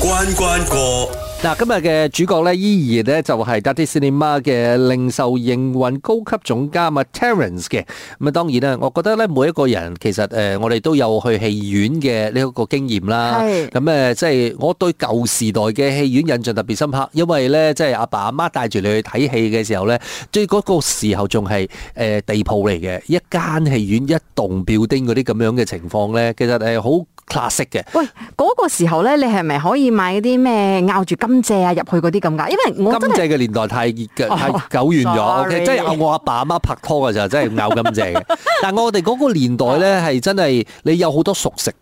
關關過嗱，今日嘅主角咧，依然咧就係 DADI Cinema 嘅零售營運高級總監阿 Terence 嘅。咁啊，當然啦，我覺得咧，每一個人其實誒，我哋都有去戲院嘅呢一個經驗啦。咁誒，即係我對舊時代嘅戲院印象特別深刻，因為咧，即係阿爸阿媽帶住你去睇戲嘅時候咧，即係嗰個時候仲係誒地鋪嚟嘅，一間戲院一棟標丁嗰啲咁樣嘅情況咧，其實誒好。classic 嘅，喂，嗰，那個時候咧，你係咪可以買啲咩咬住甘蔗啊入去嗰啲咁噶？因為我甘蔗嘅年代太太久遠咗。Oh, sorry. okay, 即係我阿爸阿媽拍拖嘅時候，真係咬甘蔗嘅。 但係我哋嗰個年代咧，係，oh. 真係你有好多熟食，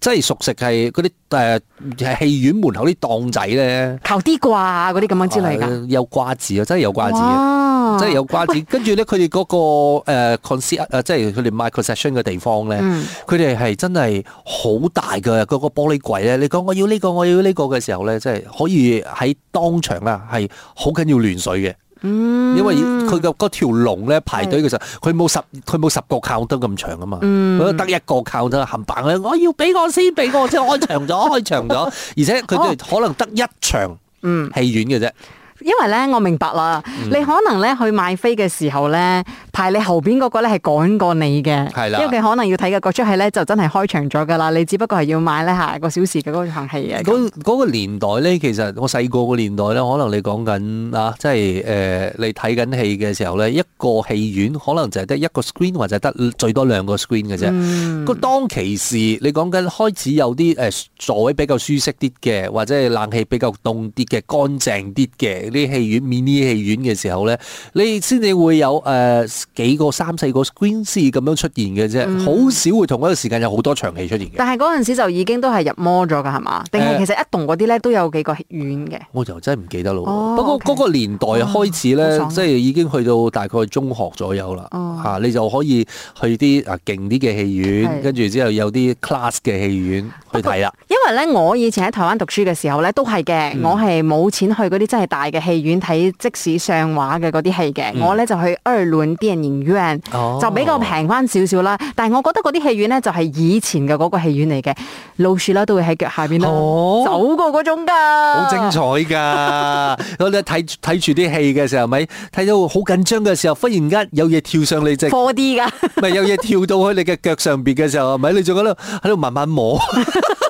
即係熟食係嗰啲誒，係戲院門口啲檔仔咧，求啲掛嗰啲咁樣之類嘅，啊，有瓜子啊，真係有瓜子。Wow. 即係有瓜子，跟住咧，佢哋嗰個 concert 即係佢哋買 concession 嘅地方咧，佢哋係真係好大嘅嗰個玻璃櫃咧。你講我要呢個，我要呢個嘅時候咧，即係可以喺當場啊，係好緊要亂水嘅，因為佢嘅嗰條龍咧排隊嘅時候，佢冇十，佢冇十個靠燈咁長啊嘛，得一個靠燈，冚棒唥，我要俾我先，俾我先，開場咗，開場咗，而且佢哋可能得一場戲院嘅啫。因為咧，我明白啦，嗯、你可能咧去買飛嘅時候咧。係你後面嗰個咧係趕過你嘅，的因為佢可能要睇嘅嗰出戲咧就真係開場咗㗎啦。你只不過係要買咧下一個小時嘅嗰場戲啊。嗰、嗰個年代咧，其實我細個嗰年代咧，可能你講緊啊，即、就、係、是呃、你睇緊戲嘅時候咧，一個戲院可能就係得一個 screen 或者得最多兩個 screen 嘅啫。嗯、當其時，你講緊開始有啲、呃、座位比較舒適啲嘅，或者冷氣比較凍啲嘅、乾淨啲嘅啲戲院、mini 戲院嘅時候咧，你先至會有、呃幾個三四個 screen 咁樣出現嘅啫、嗯，好少會同一個時間有好多場戲出現嘅。但係嗰陣時就已經都係入魔咗㗎，係嘛？定係其實一棟嗰啲咧都有幾個戲院嘅、欸。我就真係唔記得咯、哦。不過嗰個年代開始咧，哦 okay 哦、即係已經去到大概中學左右啦、哦啊。你就可以去啲啊勁啲嘅戲院，的跟住之後有啲 class 嘅戲院去睇啦。因為咧，我以前喺台灣讀書嘅時候咧，都係嘅。嗯、我係冇錢去嗰啲真係大嘅戲院睇，即使上畫嘅嗰啲戲嘅。嗯、我咧就去啲。哦、就比較平翻少少啦，但係我覺得嗰啲戲院呢，就係以前嘅嗰個戲院嚟嘅，老鼠咧都會喺腳下邊啦，走過嗰種噶，好、哦、精彩噶，我哋睇睇住啲戲嘅時候，咪睇到好緊張嘅時候，忽然間有嘢跳上你即係慌啲噶，咪 4 D 有嘢跳到喺你嘅腳上邊嘅時候，咪你仲喺度喺度慢慢摸。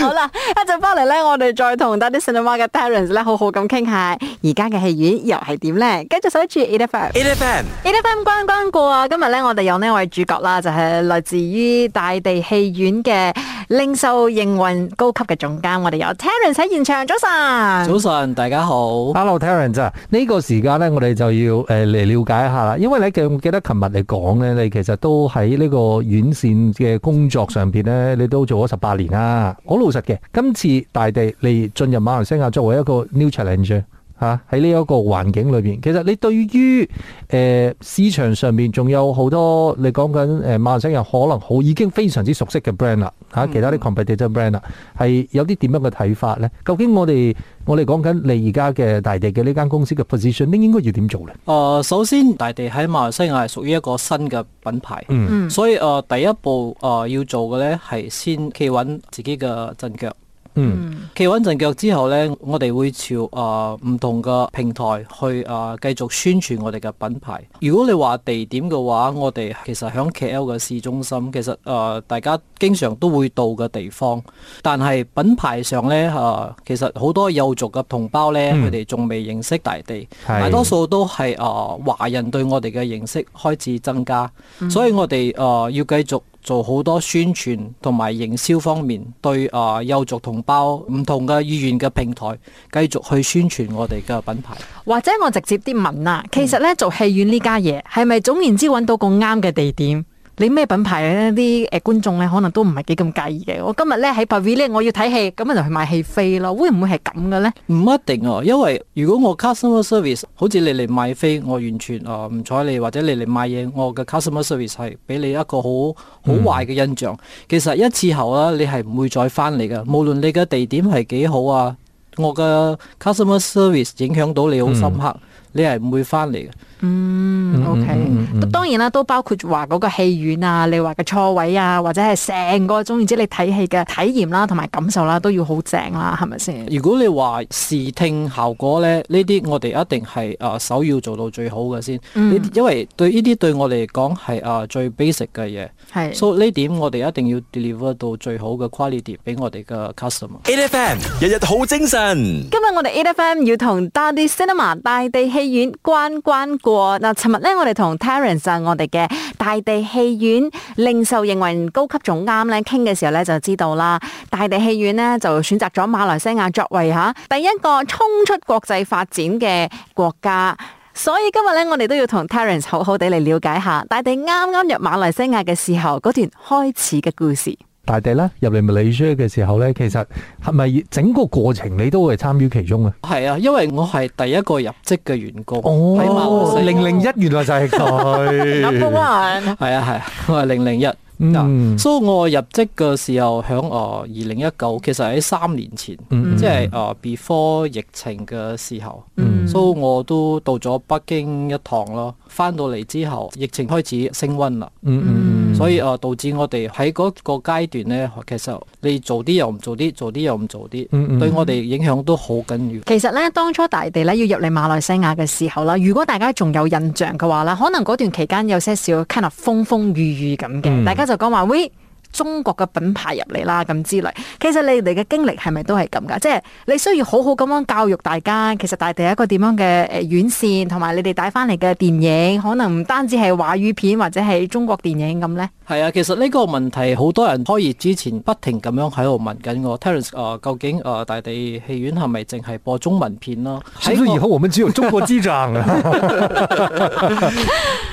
好啦，一陣翻嚟咧，我哋再同 DADI Cinema 嘅 Terence 咧，好好咁傾下，而家嘅戲院又係點咧？繼續守住 8FM 8FM 8FM 關關過啊！今日咧，我哋有呢位主角啦，就係來自於大地戲院嘅零售營運高級嘅總監。我哋有 Terence 喺現場，早晨，早晨，大家好，Hello Terence。呢個時間咧，我哋就要誒嚟了解一下啦。因為你記唔記得琴日嚟講咧，你其實都喺呢個院線嘅工作上邊咧。你都做咗十八年啦，啊，好老實嘅。今次大地嚟進入馬來西亞作為一個 new challenge。嚇喺呢一個環境裏邊，其實你對於誒、呃、市場上面仲有好多你講緊誒馬來西亞可能好已經非常之熟悉嘅 brand 啦，嚇、啊、其他啲 competitor brand 啦，係有啲點樣嘅睇法呢？究竟我哋我哋講緊你而家嘅大地嘅呢間公司嘅 positioning 應該要點做呢？誒、呃，首先大地喺馬來西亞係屬於一個新嘅品牌，嗯，所以誒、呃、第一步誒、呃、要做嘅呢係先企穩自己嘅陣腳。嗯，企穩陣腳之後呢，我哋會朝啊、呃、唔同嘅平台去、呃、繼續宣傳我哋嘅品牌。如果你話地點嘅話，我哋其實喺 KL 嘅市中心，其實、呃、大家經常都會到嘅地方。但係品牌上呢，呃、其實好多友族嘅同胞呢，佢哋仲未認識大地，是大多數都係華、呃、人對我哋嘅認識開始增加，嗯、所以我哋、呃、要繼續，做好多宣傳同埋營銷方面，對誒，友、呃、族同胞唔同嘅意願嘅平台，繼續去宣傳我哋嘅品牌。或者我直接啲問啦，其實咧、嗯、做戲院呢家嘢，係咪總而言之揾到個啱嘅地點？你咩品牌咧？啲誒觀眾咧，可能都唔係幾咁介意嘅。我今日咧喺 Pavilion，我要睇戲，咁咪就去買戲飛咯。會唔會係咁嘅咧？唔一定啊，因為如果我 customer service 好似你嚟買飛，我完全啊唔睬你，或者你嚟買嘢，我嘅 customer service 係俾你一個好好壞嘅印象。其實一次後啦，你係唔會再翻嚟嘅。無論你嘅地點係幾好啊，我嘅 customer service 影響到你好深刻，你係唔會翻嚟嘅。嗯。O K，當然啦，都包括話嗰個戲院啊，你話嘅座位啊，或者係成個中，即你睇戲嘅體驗啦，同埋感受啦，都要好正啦，係咪先？如果你話視聽效果咧，呢啲我哋一定係啊，首要做到最好嘅先。嗯、因為對呢啲對我嚟講係啊最 basic 嘅嘢。所以呢點我哋一定要 deliver 到最好嘅 quality 俾我哋嘅 customer。A F M 日日好精神。 今日我哋 A F M 要同大地 Cinema 大地戲院關關過。嗱、呃，日咧。我哋同 Terence，我哋嘅大地戲院零售營運高級總監咧，傾嘅時候咧，就知道啦。大地戲院咧就選擇咗馬來西亞作為吓第一個衝出國際發展嘅國家，所以今日咧，我哋都要同 Terence 好好地嚟了解下大地啱啱入馬來西亞嘅時候嗰段開始嘅故事。大地啦，入嚟物理 s 嘅時候咧，其實係咪整個過程你都係參與其中啊？係啊，因為我係第一個入職嘅員工。哦，零零一原來就係佢。一萬、 啊。係啊係，我係零零一。嗱，所以我入職嘅時候響誒二零一九，其實喺三年前，嗯、即係誒 before 疫情嘅時候，所以、嗯 so, 我都到咗北京一趟咯。翻到嚟之後，疫情開始升溫啦。嗯嗯。Uh. 所以啊，導致我哋喺嗰個階段咧，其實你做啲又唔做啲，做啲又唔做啲，嗯嗯、對我哋影響都好緊要。其實咧，當初大地咧要入嚟馬來西亞嘅時候啦，如果大家仲有印象嘅話啦，可能嗰段期間有些少 kind of 風風雨雨咁嘅，嗯、大家就講話喂。中國嘅品牌入嚟啦，咁之類，其實你哋嘅經歷係咪都係咁噶？即係你需要好好咁樣教育大家，其實大地一個點樣嘅誒院線，同埋你哋帶翻嚟嘅電影，可能唔單止係華語片或者係中國電影咁呢？係啊，其實呢個問題好多人開業之前不停咁樣喺度問緊我 Terence 究竟大地戲院係咪淨係播中文片咯？是不是以後我們只有中國之爭啊？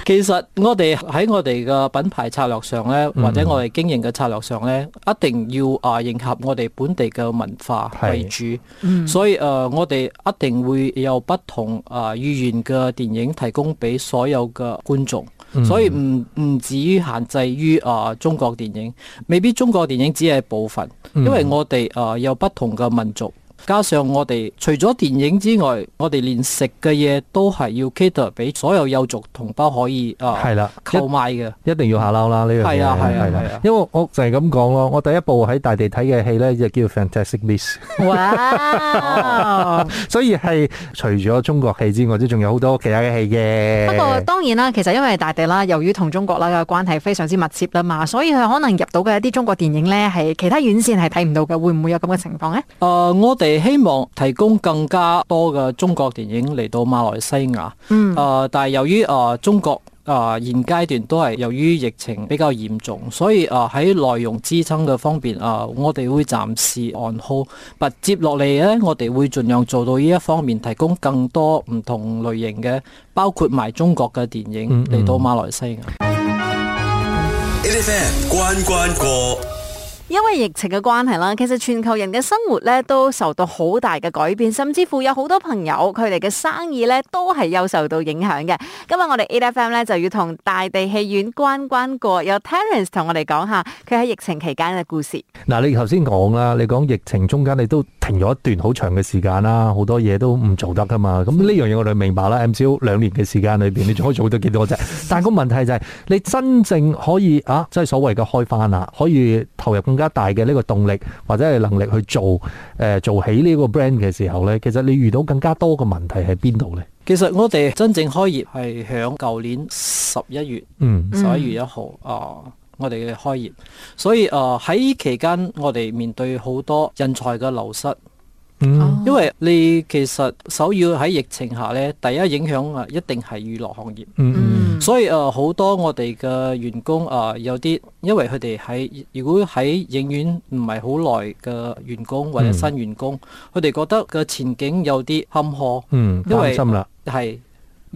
其實我哋喺我哋嘅品牌策略上呢，或者我哋經營、嗯。嘅策略上咧，一定要啊迎合我哋本地嘅文化為主，是所以誒、嗯、我哋一定會有不同啊語言嘅電影提供俾所有嘅觀眾，嗯、所以唔唔至於限制於啊中國電影，未必中國電影只係部分，因為我哋誒有不同嘅民族。加上我哋除咗電影之外，我哋連食嘅嘢都係要 cater 俾所有友族同胞可以啊，係啦，購買嘅一定要下撈啦呢樣嘢係啊係係啦，因為我就係咁講咯。我第一部喺大地睇嘅戲咧就叫 Fantastic Miss。哇，所以係除咗中國戲之外，都仲有好多其他嘅戲嘅。不過當然啦，其實因為大地啦，由於同中國啦嘅關係非常之密切啦嘛，所以佢可能入到嘅一啲中國電影咧係其他院線係睇唔到嘅，會唔會有咁嘅情況咧？誒，我哋我們希望提供更加多嘅中國電影嚟到馬來西亞。嗯。呃、但係由於啊、呃、中國啊、呃、現階段都係由於疫情比較嚴重，所以啊喺、呃、內容支撐嘅方面啊、呃，我哋會暫時按好，接落嚟呢，我哋會盡量做到呢一方面，提供更多唔同類型嘅，包括埋中國嘅電影嚟到馬來西亞。8FM 關關過。嗯 因為疫情嘅關係啦，其實全球人嘅生活咧都受到好大嘅改變，甚至乎有好多朋友佢哋嘅生意咧都係有受到影響嘅。今日我哋 8FM 咧就要同大地戲院關關過，有 Terence 同我哋講下佢喺疫情期間嘅故事。嗱，你頭先講啦，你講疫情中間你都。停咗一段好長嘅時間啦，好多嘢都唔做得噶嘛。咁呢樣嘢我哋明白啦。MCO 兩年嘅時間裏邊，你可以做咗幾多隻？ 但係個問題就係、是，你真正可以啊，即、就、係、是、所謂嘅開翻啊，可以投入更加大嘅呢個動力或者係能力去做誒、呃，做起呢個 brand 嘅時候呢，其實你遇到更加多嘅問題喺邊度呢？其實我哋真正開業係響舊年十一月，嗯，十一月一號、嗯、啊。我哋嘅開業，所以誒喺、呃、期間，我哋面對好多人才嘅流失。嗯、因為你其實首要喺疫情下呢，第一影響啊，一定係娛樂行業。嗯、所以誒好、呃、多我哋嘅員工啊、呃，有啲因為佢哋喺如果喺影院唔係好耐嘅員工或者新員工，佢哋、嗯、覺得個前景有啲坎坷。嗯、因為擔心係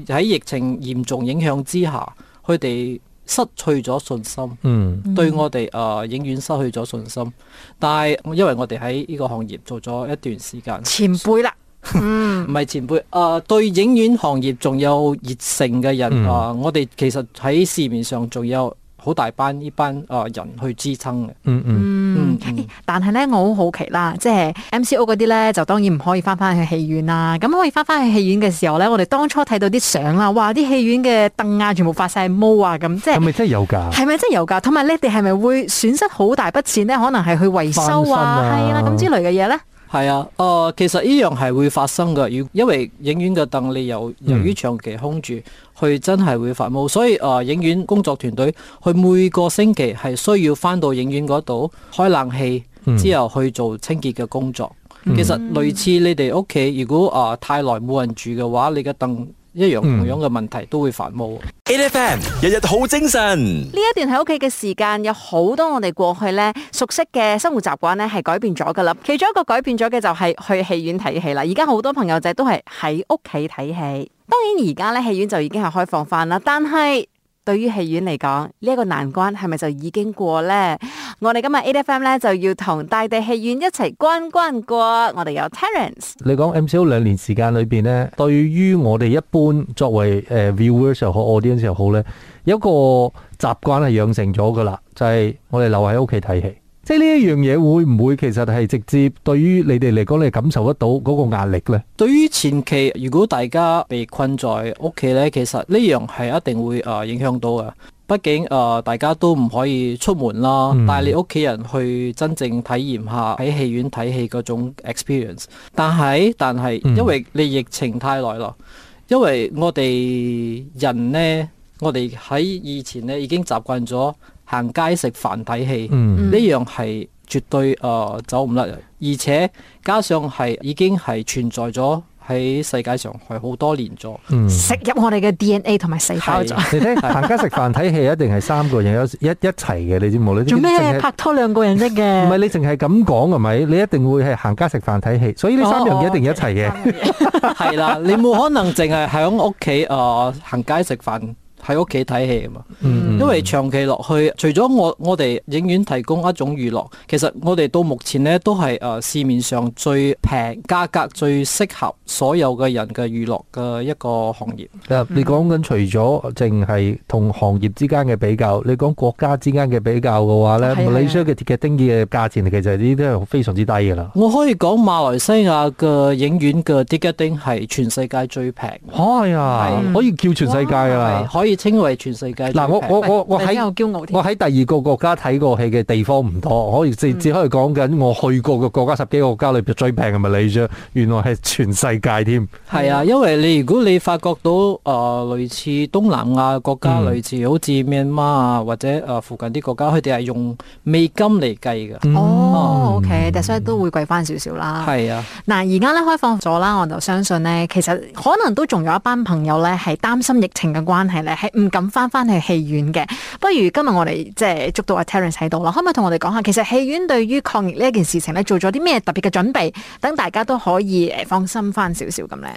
喺疫情嚴重影響之下，佢哋，失去咗信心，對我哋、呃、影院失去咗信心。但係因為我哋喺呢個行業做咗一段時間，前輩啦，唔係、 嗯、前輩誒、呃，對影院行業仲有熱誠嘅人啊、嗯呃！我哋其實喺市面上仲有。好大班呢班啊、呃、人去支撐嘅、嗯，嗯嗯嗯，欸、但係咧我好好奇啦，即、就、係、是、M C O 嗰啲咧就當然唔可以翻翻去戲院啦，咁可以翻翻去戲院嘅時候咧，我哋當初睇到啲相啦，哇啲戲院嘅凳啊全部發晒毛啊咁，即係係咪真係有噶？係咪真係有噶？同埋你哋係咪會損失好大筆錢咧？可能係去維修啊，係啦咁之類嘅嘢咧。係啊、呃，其實依樣係會發生嘅，因因為影院嘅凳你由由於長期空住，佢、嗯、真係會發毛，所以、呃、影院工作團隊佢每個星期係需要翻到影院嗰度開冷氣，嗯、之後去做清潔嘅工作。嗯、其實類似你哋屋企，如果、呃、太耐冇人住嘅話，你嘅凳，一樣同樣嘅問題、嗯、都會煩惱。8FM 日日好精神。呢 一段喺屋企嘅時間，有好多我哋過去咧熟悉嘅生活習慣咧，係改變咗㗎喇。其中一個改變咗嘅就係去戲院睇戲啦。而家好多朋友仔都係喺屋企睇戲。當然而家咧戲院就已經係開放返啦。但係對於戲院嚟講，呢、這、一個難關係咪就已經過呢？我哋今日 8FM 咧就要同大地戲院一齊關關過，我哋有 Terence。你講 MCO 兩年時間裏邊呢，對於我哋一般作為誒 viewers 又好，Audience 又好呢，有一個習慣係養成咗噶啦，就係、是、我哋留喺屋企睇戲。即係呢樣嘢會唔會其實係直接對於你哋嚟講，你感受得到嗰個壓力呢？對於前期如果大家被困在屋企呢，其實呢樣係一定會影響到嘅。畢竟、呃、大家都唔可以出門啦，嗯、帶你屋企人去真正體驗下喺戲院睇戲嗰種 experience 但，但係，但係、嗯、因為你疫情太耐啦，因為我哋人呢，我哋喺以前呢已經習慣咗行街食飯睇戲，呢、嗯、樣係絕對誒、呃、走唔甩。而且加上係已經係存在咗。喺世界上係好多年咗，嗯、食入我哋嘅 DNA 同埋細胞。哈哈，你睇行街食飯睇戲一定係三個人，有一一齊嘅，你知冇？你做咩拍拖兩個人啫？嘅唔係你淨係咁講係咪？你一定會係行街食飯睇戲，所以呢三樣嘢一定一齊嘅。係啦、哦哦，你冇可能淨係喺屋企啊行街食飯。喺屋企睇戲啊嘛，嗯、因為長期落去，除咗我我哋影院提供一種娛樂，其實我哋到目前呢都係誒市面上最平價格，最適合所有嘅人嘅娛樂嘅一個行業。嗯、你講緊除咗淨係同行業之間嘅比較，你講國家之間嘅比較嘅話咧，Malaysia 嘅 ticketing 嘅價錢其實呢啲係非常之低嘅啦。我可以講馬來西亞嘅影院嘅 ticketing 係全世界最平，係啊，可以叫全世界啊，可可以稱為全世界嗱，我我我喂在我喺我喺第二個國家睇過戲嘅地方唔多，可以只、嗯、只可以講緊我去過嘅國家十幾個國家裏邊最平係咪你啫？原來係全世界添。係、嗯、啊，因為你如果你發覺到誒、呃、類似東南亞國家，嗯、類似好似緬甸啊，或者誒、呃、附近啲國家，佢哋係用美金嚟計嘅。嗯、哦，OK，但、嗯、所以都會貴翻少少啦。係啊，嗱而家咧開放咗啦，我就相信呢，其實可能都仲有一班朋友咧係擔心疫情嘅關係咧。係唔敢翻翻去戲院嘅，不如今日我哋即係捉到阿 Terence 喺度啦，可唔可以同我哋講下，其實戲院對於抗疫呢一件事情咧，做咗啲咩特別嘅準備，等大家都可以誒放心翻少少咁咧？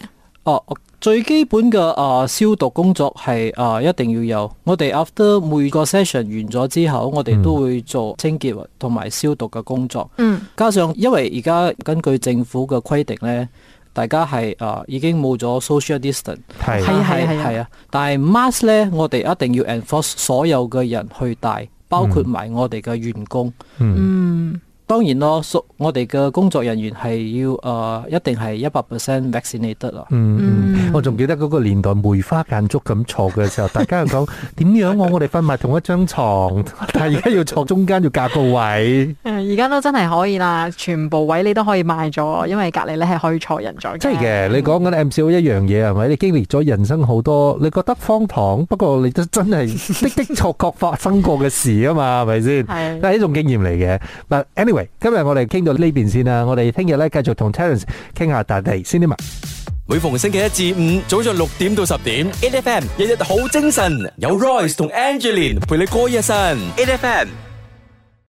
哦、啊，最基本嘅啊消毒工作係啊一定要有，我哋 after 每個 session 完咗之後，我哋都會做清潔同埋消毒嘅工作。嗯，加上因為而家根據政府嘅規定咧。.大家係、呃、已經冇咗 social distance，係係啊，但係 mask 咧，我哋一定要 enforce 所有嘅人去戴，包括埋我哋嘅員工。嗯。嗯。當然咯，屬我哋嘅工作人員係要誒，一定係一百 percent vaccinated 咯。嗯嗯，我仲記得嗰個年代梅花間竹咁坐嘅時候，大家又講點樣我我哋分埋同一張牀，但係而家要坐中間要隔個位。誒，而家都真係可以啦，全部位你都可以賣咗，因為隔離咧係可以坐人坐。真嘅，你講緊 MCO 一樣嘢係咪？你經歷咗人生好多，你覺得荒唐，不過你都真係的的確確發生過嘅事啊嘛，係咪先？係，係一種經驗嚟嘅。嗱，anyway。今日我哋傾到呢邊先啦，我哋聽日咧繼續同 Terence 傾下大地 Cinema。每逢星期一至五早上六點到十點，8FM 日日好精神，有 Royce 同 Angeline 陪你過一晨，8FM。